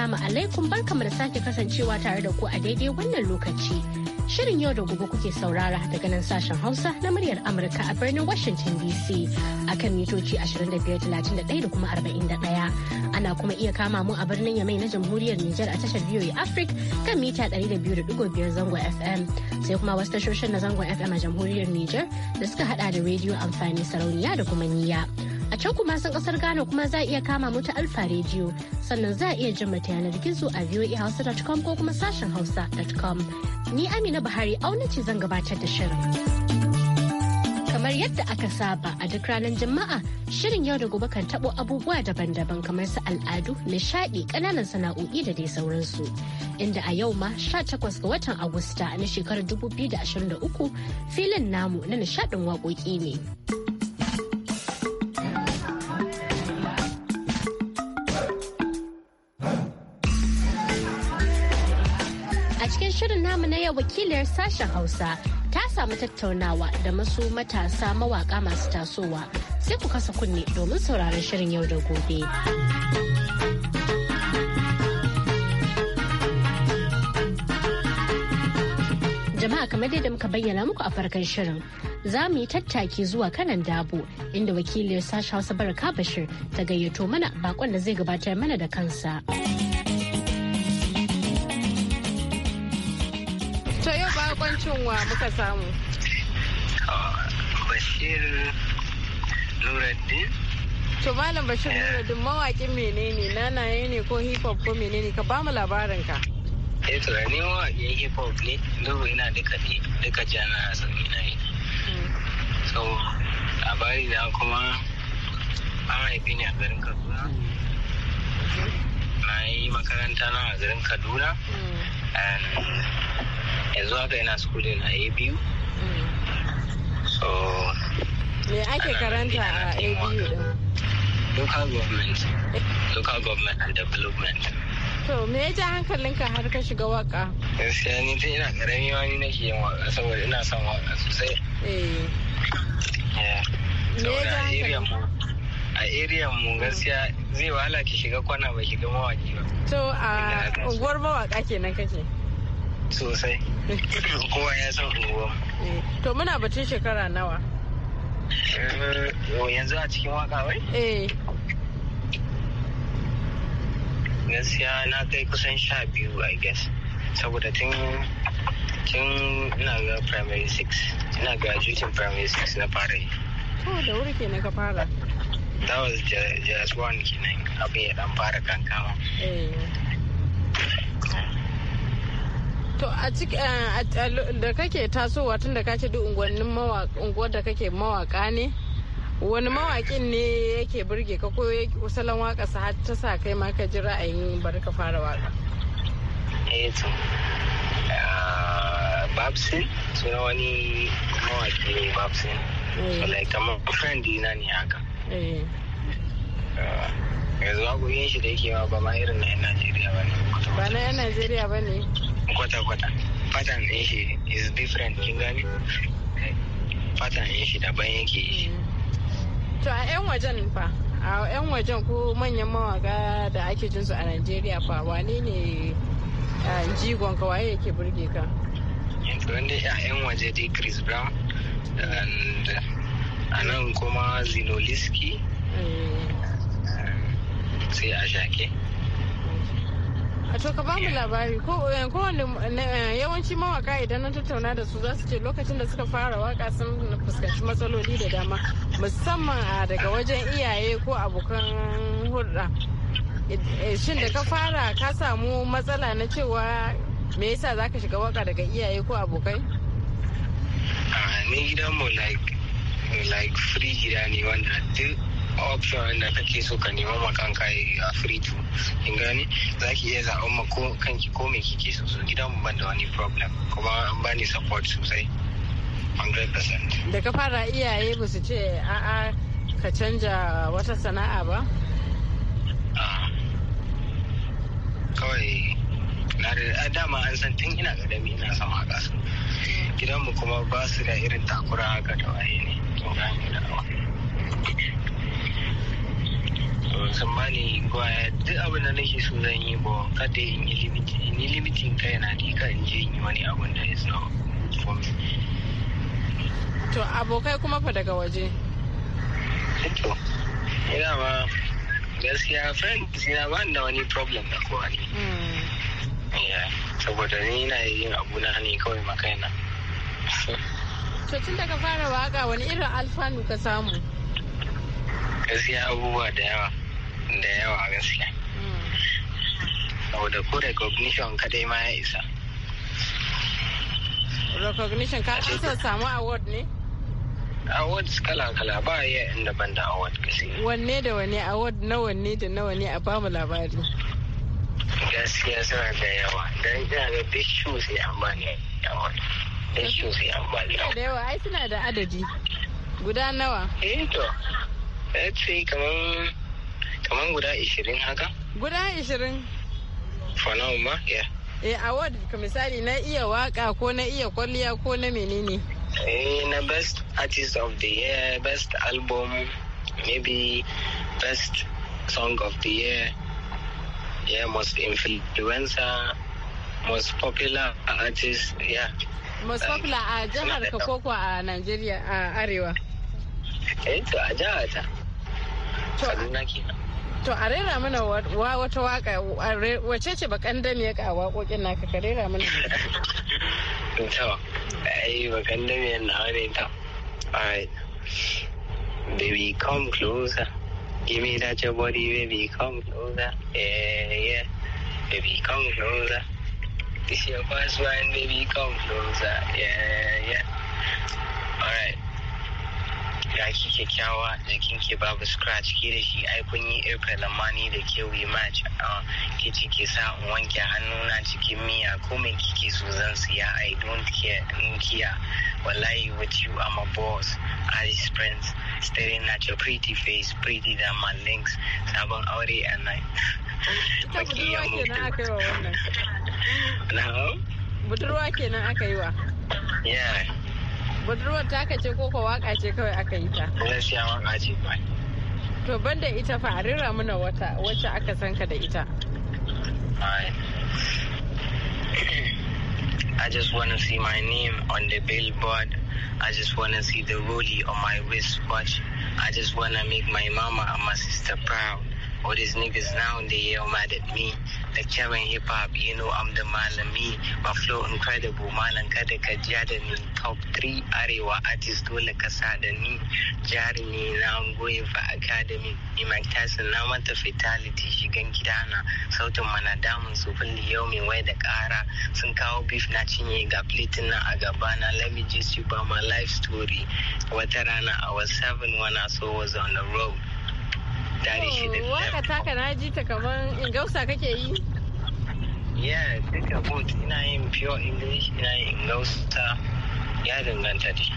Assalamu alaikum barkamu da sake kasancewa tare da ku a daidai wannan lokaci. Shirin yau da gobe kuke saurara daga nan sashen Hausa na muryar Amurka a birnin Washington DC akan kan mitoci 2531 da kuma 41. Ana kuma iya kama mu a birnin Yamai na Jamhuriyar Nijar a tashar biyoyi Africa kan mita 200.5 zango FM. Sai kuma wasu tashoshin na zango FM a Jamhuriyar Nijar da suka hada da rediyo amfani sarauniya da kuma niyya. can kuma sun kasar Ghana kuma za iya kama mu ta Alfa rediyo sannan za iya jin mata yanar gizo a voahausa.com ko kuma sashen hausa.com. Ni Amina Buhari auna ce zan gabatar da shirin. Kamar yadda aka saba a duk ranar jama'a shirin yau da gobe kan tabo abubuwa daban-daban kamar su al'adu, nishadi, ƙananan sana'o'i da dai sauransu. inda a yau ma 18 ga watan Agusta na shekarar 2023 filin namu na nishadin waƙoƙi ne. namu na yau wakiliyar sashen Hausa ta samu tattaunawa da masu matasa mawaka masu tasowa sai ku kasa kunne domin sauraron shirin yau da gobe. jama'a kamar dai da muka bayyana muku a farkon shirin za mu yi tattaki zuwa kanan dabo inda wakiliyar sashen hausa baraka bashir ta gayyato mana bakon da zai gabatar mana da kansa. bakoncin wa muka samu bashir nuruddin to malam bashir eh. nuruddin mawakin menene nanaye ne ko hip hop ko menene ka bamu labarin ka eh to ni mawaƙin hip hop ne duk ina duka ne duka jana sami na yi hmm. so labari na kuma an haifi ne a garin kaduna hmm. na yi makaranta na a garin kaduna hmm. yanzu haka yana skulin a abu so me ake karanta a abu local government local government and development to me ya ja hankalinka har ka shiga waka gaskiya ni tun ina karami wani nake yin waka saboda ina son waka sosai eh ya ja hankalinka a area mu gaskiya zai wahala ki shiga kwana ba shiga mawaki ba to a unguwar mawaka kenan kake sosai kowa ya san unguwa eh, to muna batun shekara nawa eh, yanzu a cikin waka wai eh gaskiya na kai kusan sha biyu i guess saboda tun tun ina ga primary six ina graduating primary six na fara yi to da wuri ke na ka fara that was just, just one abin ya dan fara kankama eh. to a eh, da kake tasowa tun da kake duk unguwannin unguwar da kake mawaka ne wani eh. mawakin ne yake burge ka ko salon waka sa har ta sa kai ma ka ji ra'ayin bari ka fara waka eh to ah, babsin suna wani mawaki ne babsin so like kamar friend dina ne haka Eh. yanzu ma goyon shi da yake ma ba ma irin na 'yan Najeriya ba ne. Ba na 'yan Najeriya ba ne? Kwata-kwata. Fatan ɗin shi is different kin gani? Fatan ɗin shi daban yake. yi. Mm. To a 'yan wajen fa? A 'yan wajen ko manyan mawaka da ake jin su a Najeriya fa wane ne jigon ka waye yake burge ka? Yanzu wanda a 'yan waje dai Chris Brown and a nan kuma zinoliski eh, sai a shake a to ka bamu labari ko eh, kowane eh, yawanci mawaka idan na tattauna da su za su ce lokacin da suka fara waka sun fuskanci matsaloli da dama musamman ah, daga wajen iyaye ko abokan hulɗa shin da ka fara ka samu matsala na cewa me yasa za ka shiga waka daga iyaye ko abokai ah, ni gidanmu like Eh, like free gida ne wanda duk option wanda kake so ka nema ma kanka eh, a free to in gani za ki iya zaɓen ma ko kanki ko me kike so so gidan ban da wani problem kuma an bani support sosai 100% da ka fara iyaye ba su ce a'a ka canja wata sana'a ba ah. kawai A da dama an san tun ina karami ina son haka su gidanmu kuma ba su da irin takura haka da waye ne to gani da awa sun bani gwaya duk abin da nake so zan yi ba kada in yi limitin ni limitin kai na ni ka in je in yi wani abin da is not for me to abokai kuma fa daga waje to ina ma gaskiya friends ina ba da wani problem da kowa ne hmm. ya saboda ni na yin abu na ne kawai makaina to tun daga fara waka wani irin alfanu ka samu gaskiya abubuwa da yawa da yawa gaskiya hmm. saboda ko recognition kadai ma ya isa recognition ka kasa samu award ne awards kala kala ba ya inda ban da award gaskiya wanne da wanne award na wanne da na wanne a bamu labari gaskiya suna da yawa don ina ga duk shoes ya amma ne yawa duk shoes ya yawa da yawa ai suna da adadi guda nawa eh to let's say kaman kaman guda 20 haka guda 20 for now ma yeah eh award ka misali na iya waka ko na iya kwalliya ko na menene eh na best artist of the year best album maybe best song of the year yeah, most influencer, most popular artist, yeah. Most popular a jihar ka koko a Najeriya a Arewa? Eh, to a jihar ta. Kaduna kenan. To a rera mana wata waka wace ce bakan damiya ka waƙoƙin naka ka rera mana. To, ai bakan damiya na wani ta. Alright. Baby come closer. Give that your baby will become closer. Eh, yeah, Baby, come closer. This your first one, baby, come closer. Yeah, yeah. Alright. Ga ki kyakkyawa jikin ki babu scratch ki da shi ai kun yi April amma ni da ke we match ah, ki ci ki sa in wanke hannuna cikin miya ko me kike so zan siya I don't care in kiya. wallahi with you I'm a boss I friends staring at your pretty face pretty than my links sabon aure a night makiyan mutu na budurwa kenan aka yi wa yeah budurwar ta aka ce koko waka ce kawai aka yi ta gaskiya waka ce ba to banda ita fa a rira mana wata wacce aka san ka da ita I just want to see my name on the billboard. I just want to see the rollie on my wristwatch. I just want to make my mama and my sister proud. All these niggas now, they yell mad at me. Like Karen Hip Hop, you know I'm the malami. My flow incredible, malam kada ka ja da ni. Top three arewa artist dole ka sa da ni. Jarumi na I'm going for academy. Ni Mike Tyson na mata fatality shigan gidana. sautin mana damun su kulli yau mai wai da kara sun kawo beef na cinye ga plate na a gaba na let me just you my life story wata rana i was seven when i saw was on the road dari shi da waka taka na ji ta kaman in gausa kake yi yeah duka boat ina yin pure english ina yin gausa ya danganta dai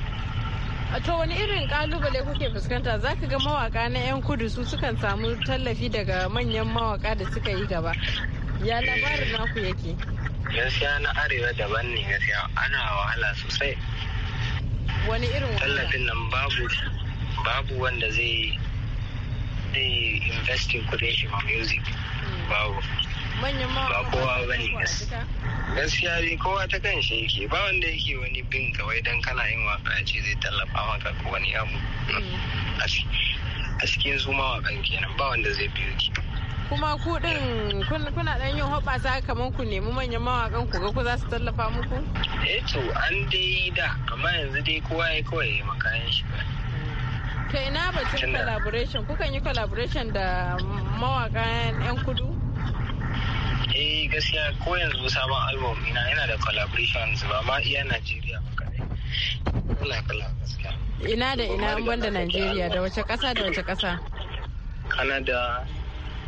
To wani irin kalubale kuke fuskanta za ka ga mawaka na 'yan kudu su sukan samu tallafi daga manyan mawaka da suka yi gaba. Ya labarin naku yake? Gaskiya na arewa daban ne gaskiya ana wahala sosai. Wani irin Tallafin nan babu babu wanda zai zai investing kudin shi ma music hmm. babu. Manyan mawaka ba kowa bane gaskiya. gaskiya dai kowa ta kan shi yake ba wanda yake wani bin kawai dan kana yin waka ce zai tallafa maka ko wani abu mm. a cikin su mawakan kenan ba wanda zai biyo ki kuma ku din kuna dan yin hoɓasa kamar ku nemi manyan mawakan ku ga ku za su tallafa muku eh to an dai da amma yanzu dai kowa ya kawai ya yin shi ba to ina batun collaboration kukan yi collaboration da mawakan yan kudu yi eh, gaskiya ko yanzu sabon album ina yana da collaborations ba ma iya Najeriya ba kadai. Kala kala gaskiya. Ina da ina banda Najeriya da wace kasa da wace kasa? Canada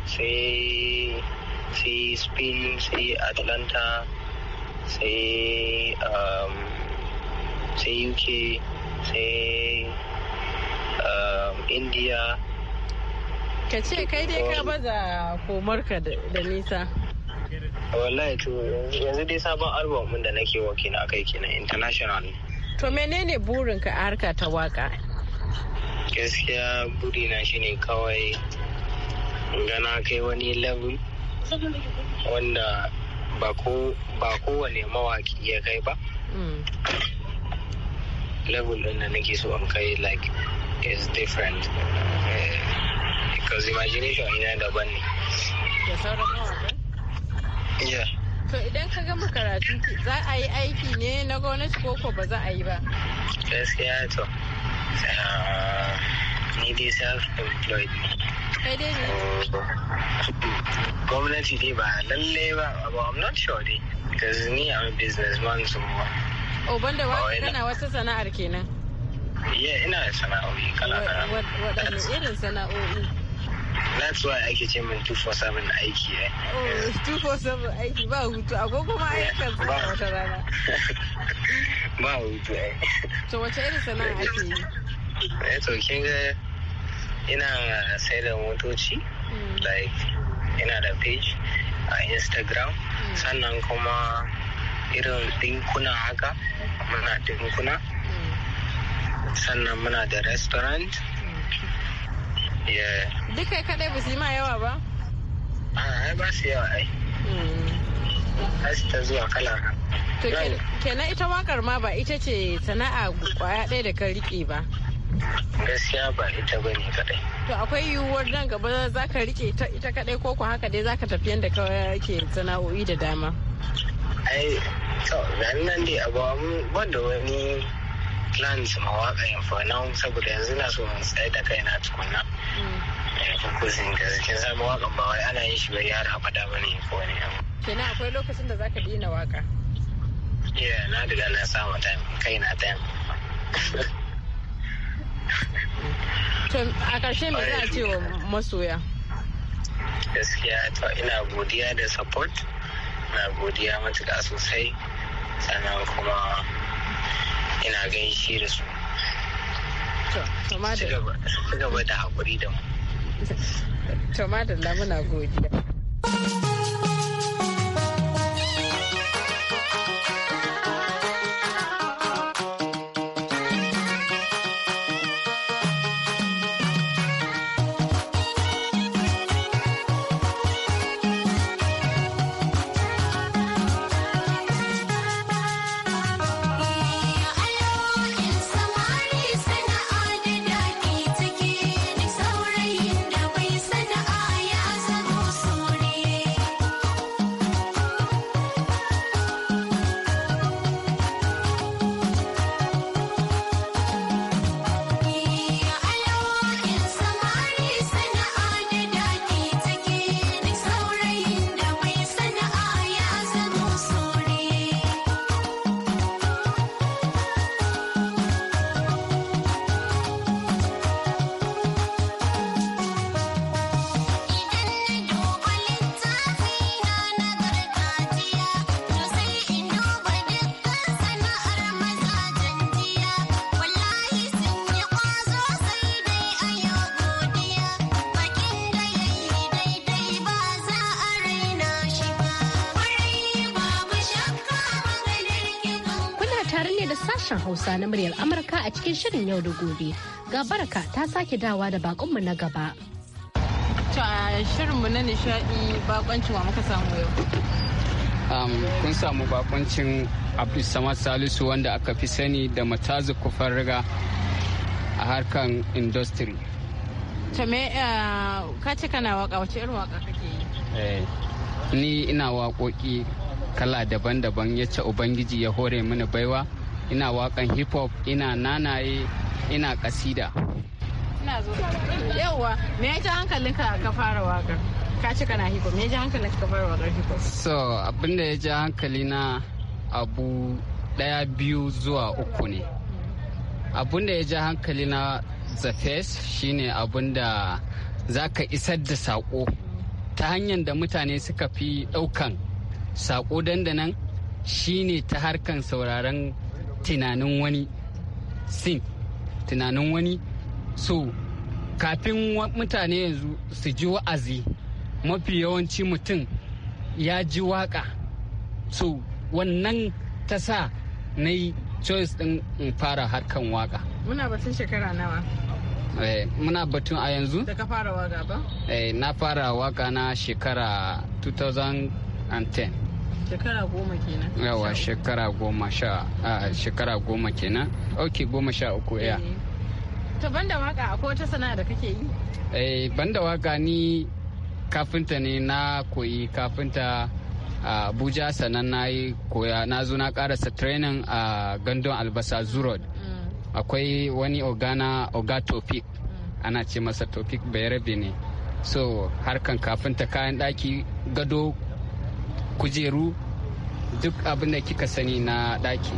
sai sai Spain sai Atlanta sai um, sai UK sai um, India ka ce kai dai ka baza komarka da nisa wallahi to yanzu dai sabon album din da nake na akai kenan international ne. to menene burin ka harka ta waka gaskiya burina shine kawai gana kai wani level wanda ba kowane mawaki ya kai ba mm. level din da nake so in kai like is different eh, because imagination ina daban ne da sauran To idan ka gama karatu za a yi aiki ne na gwamnati ko ko ba za a yi ba? Gaskiya to. Ah, ni dai self-employed. Kai dai ne? Gwamnati dai ba lalle ba, but I'm not sure dai. Because ni I'm a businessman so. O banda waka kana wata sana'ar kenan? Iya ina da sana'o'i kala kala. Waɗanne irin sana'o'i? that's why ake ce min 247 aiki eh 247 aiki ba hutu wata rana ba hutu eh to wace irin sana'a ake yi eh to kin ga ina sai da motoci hmm. like ina da page a instagram hmm. sannan kuma irin dinkuna haka muna dinkuna hmm. sannan muna da restaurant Duk kai kadai ba su yi ma yawa ba? A ah, ba su yawa ai. Hmm. ta zuwa kala To kenan ita wakar ma ba ita ce sana'a kwaya ɗaya da ka riƙe ba. Gaskiya ba ita ba ne kadai. To akwai yiwuwar nan gaba za ka riƙe ita kadai ko kuwa haka dai za ka tafi yadda kawai sana'o'i da dama. Ai, to nan dai abu ban da wani plans ma waƙan for now saboda yanzu na so in tsaye da kaina tukunna kusin gaskiya zama waƙan ba wai ana yin shi bai yara abada ba ne ko wani abu kenan akwai lokacin da zaka daina waƙa yeah na riga na samu time na time to a ƙarshe me za a ce wa masoya gaskiya to ina godiya da support na godiya matuƙa sosai sannan kuma ina gaishe da su su gaba da haƙuri da mu tomatin madalla muna godiya sashen Hausa na muryar Amurka a cikin shirin yau da gobe. Ga baraka ta sake dawa da bakonmu na gaba. To a shirinmu na nishadi bakoncin wa muka samu yau. kun samu bakoncin Abdulsamad Salisu wanda aka fi sani da matazu kufar riga a harkan industry. To me eh, ka ce kana waka wace irin waka kake yi? Eh, ni ina waƙoƙi kala daban-daban ya ce Ubangiji ya hore mini baiwa ina wakan hip hop ina nanaye ina kasida ina zo yawa me ya ji hankalinka ka fara wakar ka ci kana hip hop me ya ji hankalinka ka fara wakar hip hop so abinda ya ji hankalina abu daya biyu zuwa uku ne abinda ya ji hankalina the face shine abinda za ka isar da sako ta hanyar da mutane suka fi daukan sako dandanan shine ta harkan sauraron tunanin wani sin tunanin wani so kafin mutane yanzu su ji wa'azi mafi yawanci mutum ya ji waka so wannan ta sa na yi choice din in fara harkan waka muna batun shekara nawa eh, muna batun a yanzu da ka fara waka ba eh, na fara waka na shekara 2010 shekara goma kenan yawa shekara goma sha a shekara goma kenan ok goma sha uku ya eh. to banda waka akwai wata sana'a da kake yi eh banda waka ni kafinta ne na koyi kafinta a abuja sannan na yi koya na zo na karasa training a gandun albasa zurod mm. akwai wani ogana oga topic mm. ana ce masa topic bayarabe ne so harkan kafinta kayan daki gado kujeru duk abin da kika sani na ɗaki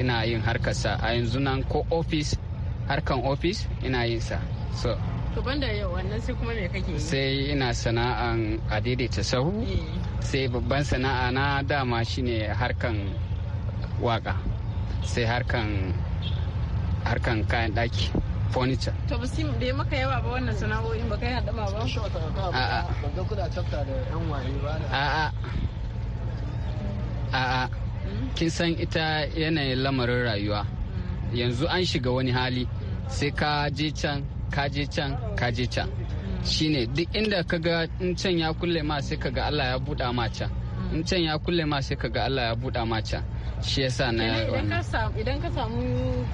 ina yin harkarsa a yanzu nan ko ofis harkan ofis ina yin sa so to banda yau wannan sai kuma me kake yi sai ina sana'an a daidaita sahu eh. sai babban sana'a na dama shine harkan waka sai harkan harkan kayan daki furniture to ba su bai maka yawa ba wannan sana'o'in ba kai hadama ba a'a a'a a'a kin san ita yanayin lamarin rayuwa yanzu an shiga wani hali sai ka je can ka je can ka je can shine duk inda ka ga in can ya kulle ma sai ka ga Allah ya buɗa ma can in can ya kulle ma sai ka ga Allah ya buɗa ma can shi yasa na idan ka samu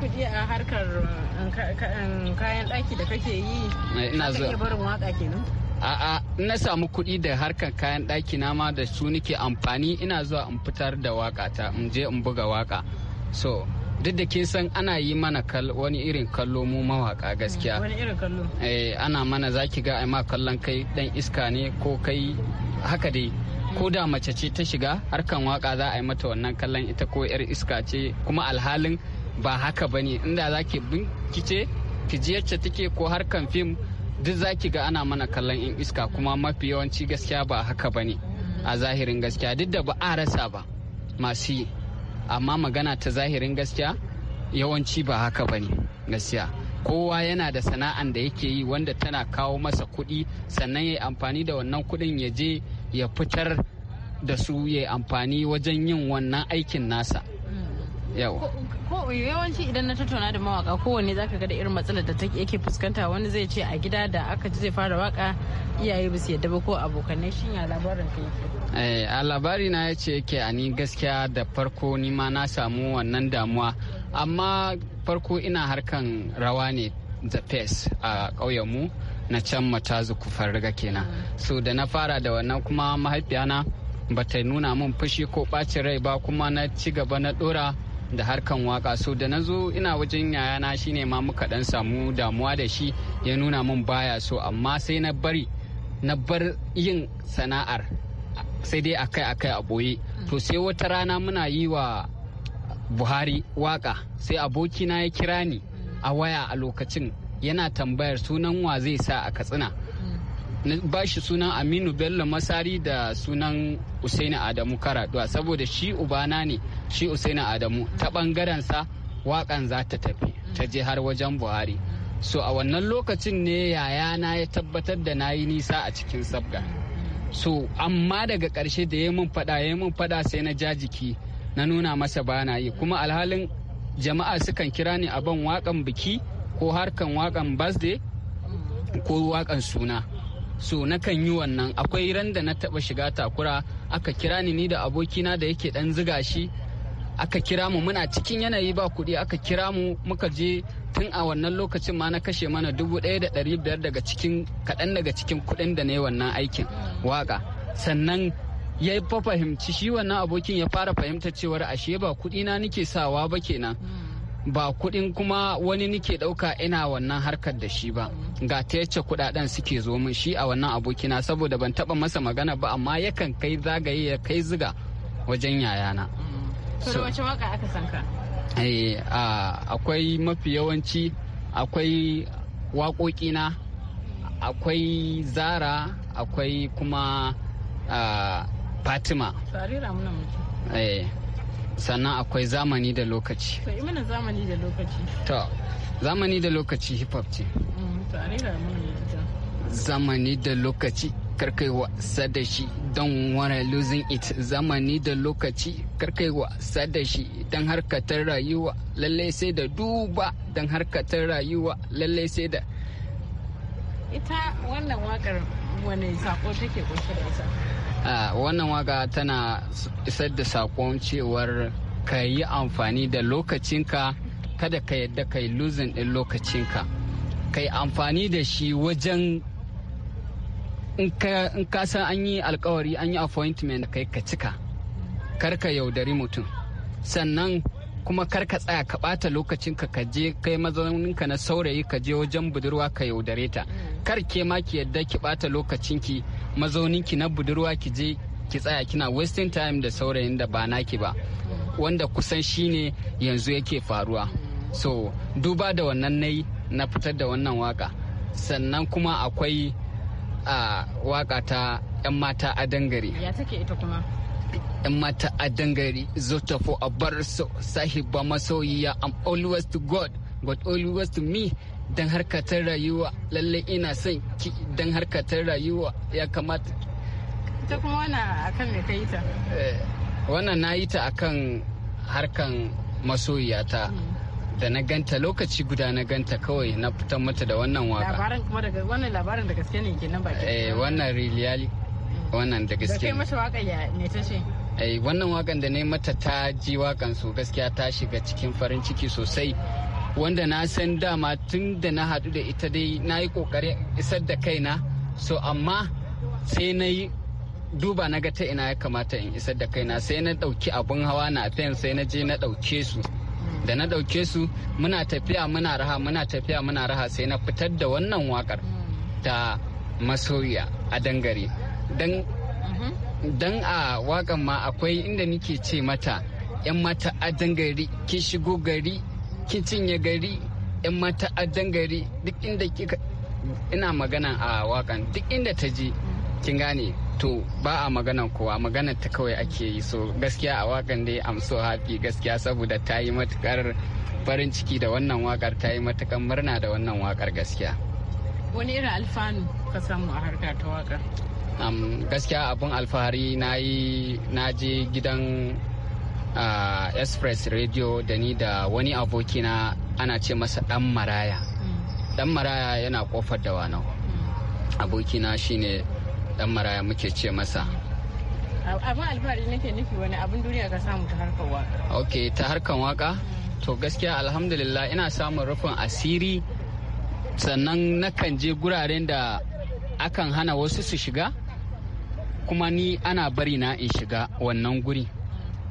kudi a harkar um, um, kayan ɗaki da kake yi eh, ina zuwa barin waka kenan A'a, na samu kuɗi da harkar kayan ɗaki na ma da su nake amfani ina zuwa in fitar da waka ta in je in buga waka. So, duk da kin san ana yi mana wani irin kallo mu mawaka gaskiya. Wani irin kallo? Eh, ana mana zaki ga ai ma kallon kai dan iska ne ko kai haka dai. ko da mace ce ta shiga harkan waka za a yi mata wannan kallon ita ko yar iska ce kuma alhalin ba haka bane inda zaki ki bincike ki ji yacce take ko harkan fim duk zaki ga ana mana kallon in iska kuma mafi yawanci gaskiya ba haka ba ne a zahirin gaskiya duk da ba a rasa ba masu yi amma magana ta zahirin gaskiya yawanci ba haka ba ne gaskiya kowa yana da sana'an da yake yi wanda tana kawo masa kuɗi sannan ya yi amfani da wannan kuɗin ya je ya fitar da su ya yi amfani wajen yin wannan aikin nasa mm. yawa ko yawanci idan na tattauna da mawaka kowanne zaka ga da irin matsalar da take yake fuskanta wani zai ce a gida da aka ji zai fara waka iyaye ba su yadda ba ko abokanai shin ya labarin ka yake eh, a labari na yace yake a ni gaskiya da farko ni ma na samu wannan damuwa amma farko ina harkan rawa ne the pace a ƙauyen mu na can matazu kufar riga kenan so da na fara da wannan kuma mahaifiyana ba ta nuna min fushi ko ɓacin rai ba kuma na ci gaba na ɗora da harkan waka so da na zo ina wajen yayana shine ma muka dan samu damuwa da shi ya nuna min baya so amma sai na bari na bar yin sana'ar sai dai akai akai a boye to sai wata rana muna yi wa buhari waka sai abokina ya kira ni a waya a lokacin yana tambayar sunan wa zai sa a katsina na ba shi sunan aminu bello masari da sunan usaini adamu karaduwa saboda shi ubana ne shi usaini adamu ta bangaren sa wakan za ta tafi ta je har wajen buhari so a wannan lokacin ne yayana ya tabbatar da na yi nisa a cikin sabga so amma daga karshe da ya mun fada ya mun fada sai na jajiki na nuna masa bana yi kuma alhalin jama'a sukan kira ni a ban wakan biki ko harkan wakan birthday ko wakan suna so na kan yi wannan akwai ran da na taba shiga takura aka kira ni ni da abokina da yake dan ziga shi aka kira mu muna cikin yanayi ba kuɗi aka kira mu muka je tun a wannan lokacin ma na kashe mana dubu ɗaya da ɗari biyar daga cikin kaɗan daga cikin kuɗin da na yi wannan aikin waka sannan ya fa fahimci shi wannan abokin ya fara fahimta cewar ashe ba kuɗi na nike sawa ba kenan ba kuɗin kuma wani nike ɗauka ina wannan harkar da shi ba ga ta yace kuɗaɗen suke zo min shi a wannan abokina saboda ban taɓa masa magana ba amma yakan kai zagaye ya kai ziga wajen yayana. So, wace waka aka sanka? Eh, akwai mafi yawanci akwai waƙoƙina akwai zara akwai kuma fatima. Tsarira muna mutu. sannan akwai zamani da lokaci to mana zamani da lokaci to zamani da lokaci hip hop ce mm, zamani da lokaci karkai wasa da shi don wara losing it zamani da lokaci karkai wasa da shi don harkatar rayuwa lallai sai da duba don harkatar rayuwa lallai sai da ita wannan wakar wani sako take kunshe da wannan waka tana isar da sakon cewar ka yi amfani da lokacinka kada ka yadda ka yi luzin ɗin lokacinka ka yi amfani da shi wajen in ka san an yi alkawari an yi appointment kai ka cika kar yaudari mutum sannan kuma karka tsaya ka ɓata lokacinka ka je kai mazauninka na saurayi ka je wajen budurwa ka yaudare ta kar ke ma ki yadda ki ɓata ki. mazaunin ki na budurwa ki je ki tsaya kina wasting time da saurayin da ba naki ba wanda kusan shine yanzu yake faruwa so duba da wannan nai na fitar da wannan waka sannan kuma akwai a waka ta 'yan mata a dangare ya take ita kuma 'yan mata a dangare ta fo a bar so sahiba masoyiya i'm always to god but always to me don harkatar rayuwa lalle ina son ki don harkatar rayuwa ya kamata ta kuma wannan akan me ka yi ta eh, wannan na yi ta akan harkan masoyiyata mm. da na ganta lokaci guda na ganta kawai na fitan mata da wannan waka labarin kuma daga wannan labarin da gaske ne nan ba eh wannan riliyali mm. wannan da gaske ne da mata waka ya ne ta ce eh wannan wakan da ne mata ta ji wakan su gaskiya ta shiga cikin farin ciki sosai wanda na san dama tun da na hadu da ita dai na yi kokari isar da kaina so amma sai na yi duba na ga ta ina ya kamata in isar da kaina sai na ɗauki abun hawa na fen sai na je na ɗauke su da na ɗauke su muna tafiya muna raha muna tafiya muna raha sai na fitar da wannan wakar ta masoya a dangare dan a wakan ma akwai inda nike ce mata 'yan mata a dangare ki shigo gari ki cinye gari yan mata'addan gari duk inda kika ina magana a wakan duk inda ta je kin gane to ba a magana kowa magana ta kawai ake yi so gaskiya a wakan dai am so happy gaskiya saboda ta yi matukar farin ciki da wannan wakar ta yi matukar murna da wannan wakar gaskiya wani irin alfanu ka samu a harka ta wakar gaskiya abun alfahari na yi na je gidan a express radio da ni da wani abokina ana ce masa dan maraya mm. dan maraya yana kofar da wano mm. abokina shine dan maraya muke ce masa abin alfahari nake nufi wani abin duniya ka samu ta harkar waka ok ta harkar waka mm. to gaskiya alhamdulillah ina samun rufin asiri sannan nakan je guraren da akan hana wasu su shiga kuma ni ana bari na in shiga wannan guri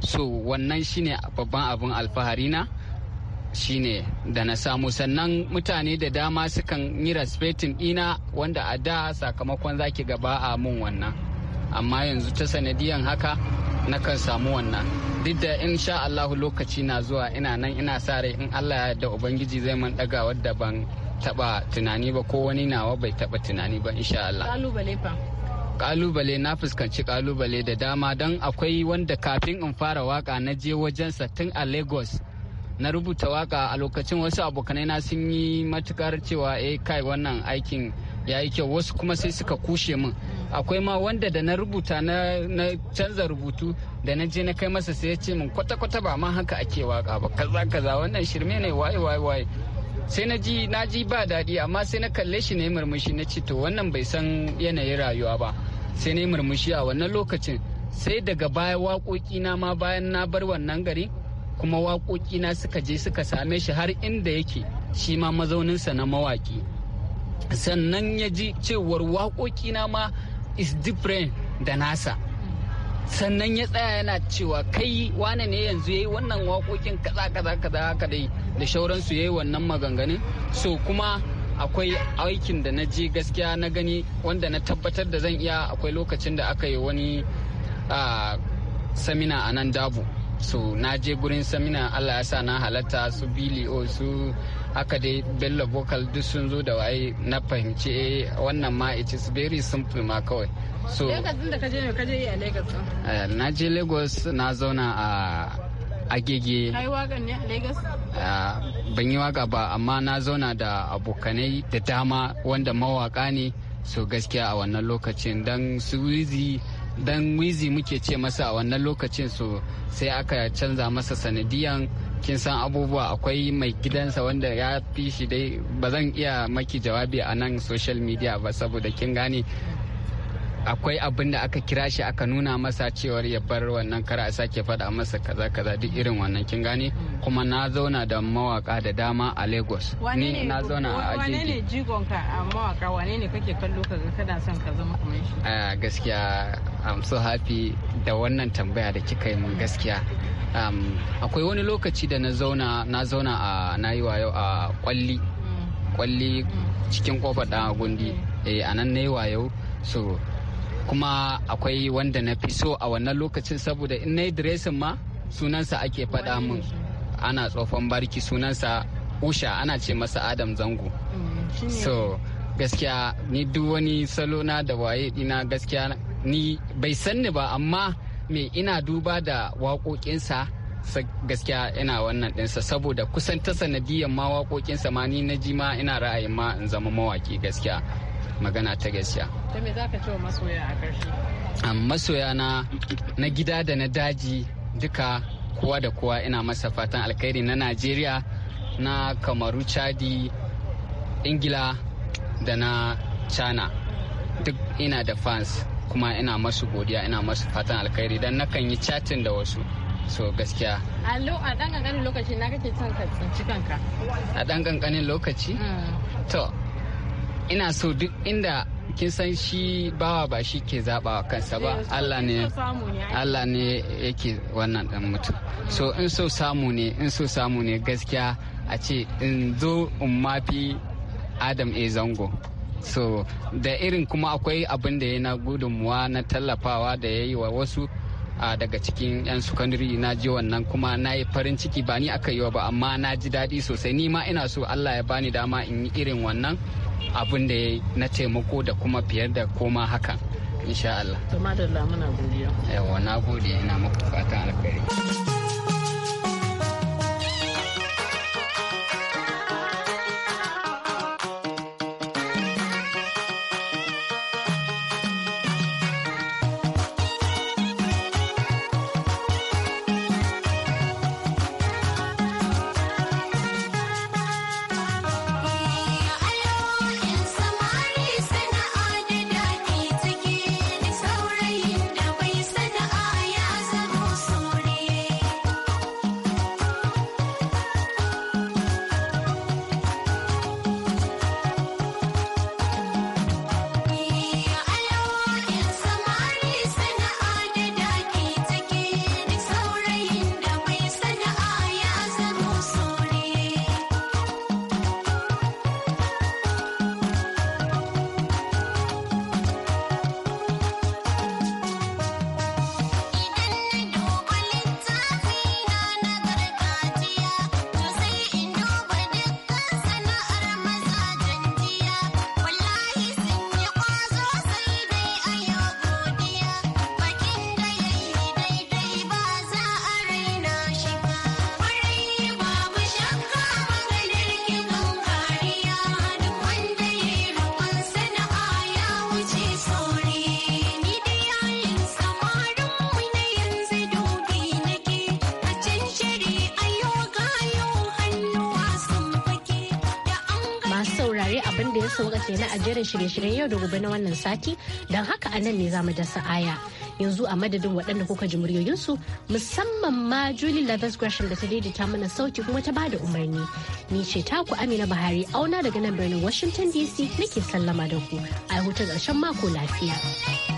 so wannan shine babban abin alfahari na shine da na samu sannan mutane da dama sukan yi respectin dina wanda a da sakamakon zaki gaba a mun wannan amma yanzu ta sanadiyan haka na kan samu wannan duk da in sha Allahu lokaci na zuwa ina nan ina sa rai in Allah ya da ubangiji zai man daga wadda ban taba tunani ba ko wani nawa bai taba tunani ba insha Allah kalubale na fuskanci kalubale da dama don akwai wanda kafin in fara waka na je wajen tun a lagos na rubuta waka a lokacin wasu abokanai na sun yi matukar cewa eh kai wannan aikin ya yi kyau wasu kuma sai suka kushe min akwai ma wanda da na rubuta na canza rubutu da na je na kai masa sai ya ce min kwata-kwata ba ma haka ake waka ba kaza kaza wannan shirme ne waye waye waye sai na ji na ji ba daɗi amma sai na kalle shi ne murmushi na ce to wannan bai san yanayin rayuwa ba sai na murmushi a wannan lokacin sai daga baya waƙoƙi na ma bayan na bar wannan gari kuma waƙoƙi na suka je suka same shi har inda yake shi ma mazauninsa na mawaƙi sannan ya ji cewar waƙoƙi na ma is different da nasa sannan ya tsaya yana cewa kai wane ne yanzu yi wannan waƙoƙin kaza kaza kaza haka dai da shauransu yayi wannan maganganun so kuma akwai aikin da na je gaskiya na gani wanda na tabbatar da zan iya akwai lokacin da aka yi wani samina a nan dabu so na je gurin samina allah ya sa na halatta su bili o su aka dai bello vocal duk sun zo da waye na fahimci eh, wannan ma it is very simple ma kawai so eh, na je lagos na zauna a agege lagos ah, ban yi waka ba amma na zauna da abokanai da dama wanda mawaka ne so gaskiya a wannan lokacin dan su wizi dan wizi muke ce masa a wannan lokacin so sai aka canza masa sanadiyan kin san abubuwa akwai mai gidansa wanda ya fi shi dai ba zan iya maki jawabi a nan social media ba saboda kin gane akwai abin da aka kira shi aka nuna masa cewar ya bar wannan kara a sake faɗa masa kaza kaza duk irin wannan kin gane mm. kuma na zauna da mawaka da dama a Lagos ni na zauna a ajeji wane ne ka a mawaka wane ne kake kallo ga kana son ka zama kamar shi a gaskiya I'm so happy da wannan tambaya da kika yi mun gaskiya um, akwai wani lokaci da na zauna na zauna a na yi wayo a kwalli mm. kwalli mm. cikin kofar da gundi eh, a nan na yi wayo so kuma akwai wanda na fi so a wannan lokacin saboda in na yi diresin ma sunansa ake faɗa min ana tsofan barki sunansa usha ana ce masa adam zango mm, so gaskiya ni duk wani salo da waye dina gaskiya ni bai sanni ba amma me ina duba da waƙoƙinsa gaskiya ina wannan ɗinsa saboda kusan ta sanadiyan ma waƙoƙinsa ma ni na ji ma ina ra'ayin ma in zama mawaƙi gaskiya magana ta gaskiya ta me za ka ce masoya a ƙarshe masoya na na gida da na daji duka kowa da kowa ina masa fatan alkhairi na najeriya na kamaru chadi ingila da na china duk ina da fans kuma ina masu godiya ina masu fatan alkhairi don nakan yi chatin da wasu so gaskiya a ɗan ƙanƙanin lokaci na kake son ka kanka a ɗan ƙanƙanin lokaci mm. to ina so duk inda kin san shi bawa ba shi ke zaɓa kansa ba Allah ne Allah ne yake wannan dan mutum so in so samu ne in so samu ne gaskiya a ce in zo in mafi Adam A zango so da irin kuma akwai abin da ya na gudunmuwa na tallafawa da ya yi wa wasu a daga cikin 'yan sukandiri na ji wannan kuma na yi farin ciki ba ni aka yi wa ba amma na ji daɗi sosai ni ma ina so allah ya bani dama in yi irin wannan abin da ya yi na taimako da kuma fiye da koma hakan insha Allah. da lamuna godiya. Yawa na gode ina muku fatan alkhairi. saurari abin da ya sauka ke na jerin shirye-shiryen yau da gobe na wannan sati don haka a nan ne za mu dasa aya yanzu a madadin waɗanda kuka ji muryoyinsu musamman ma Julie lavis Gresham da ta daidaita mana sauti kuma ta bada umarni. Ni ce ta ku Amina Bahari auna daga nan birnin Washington DC nake sallama da ku. A hutun ƙarshen mako lafiya.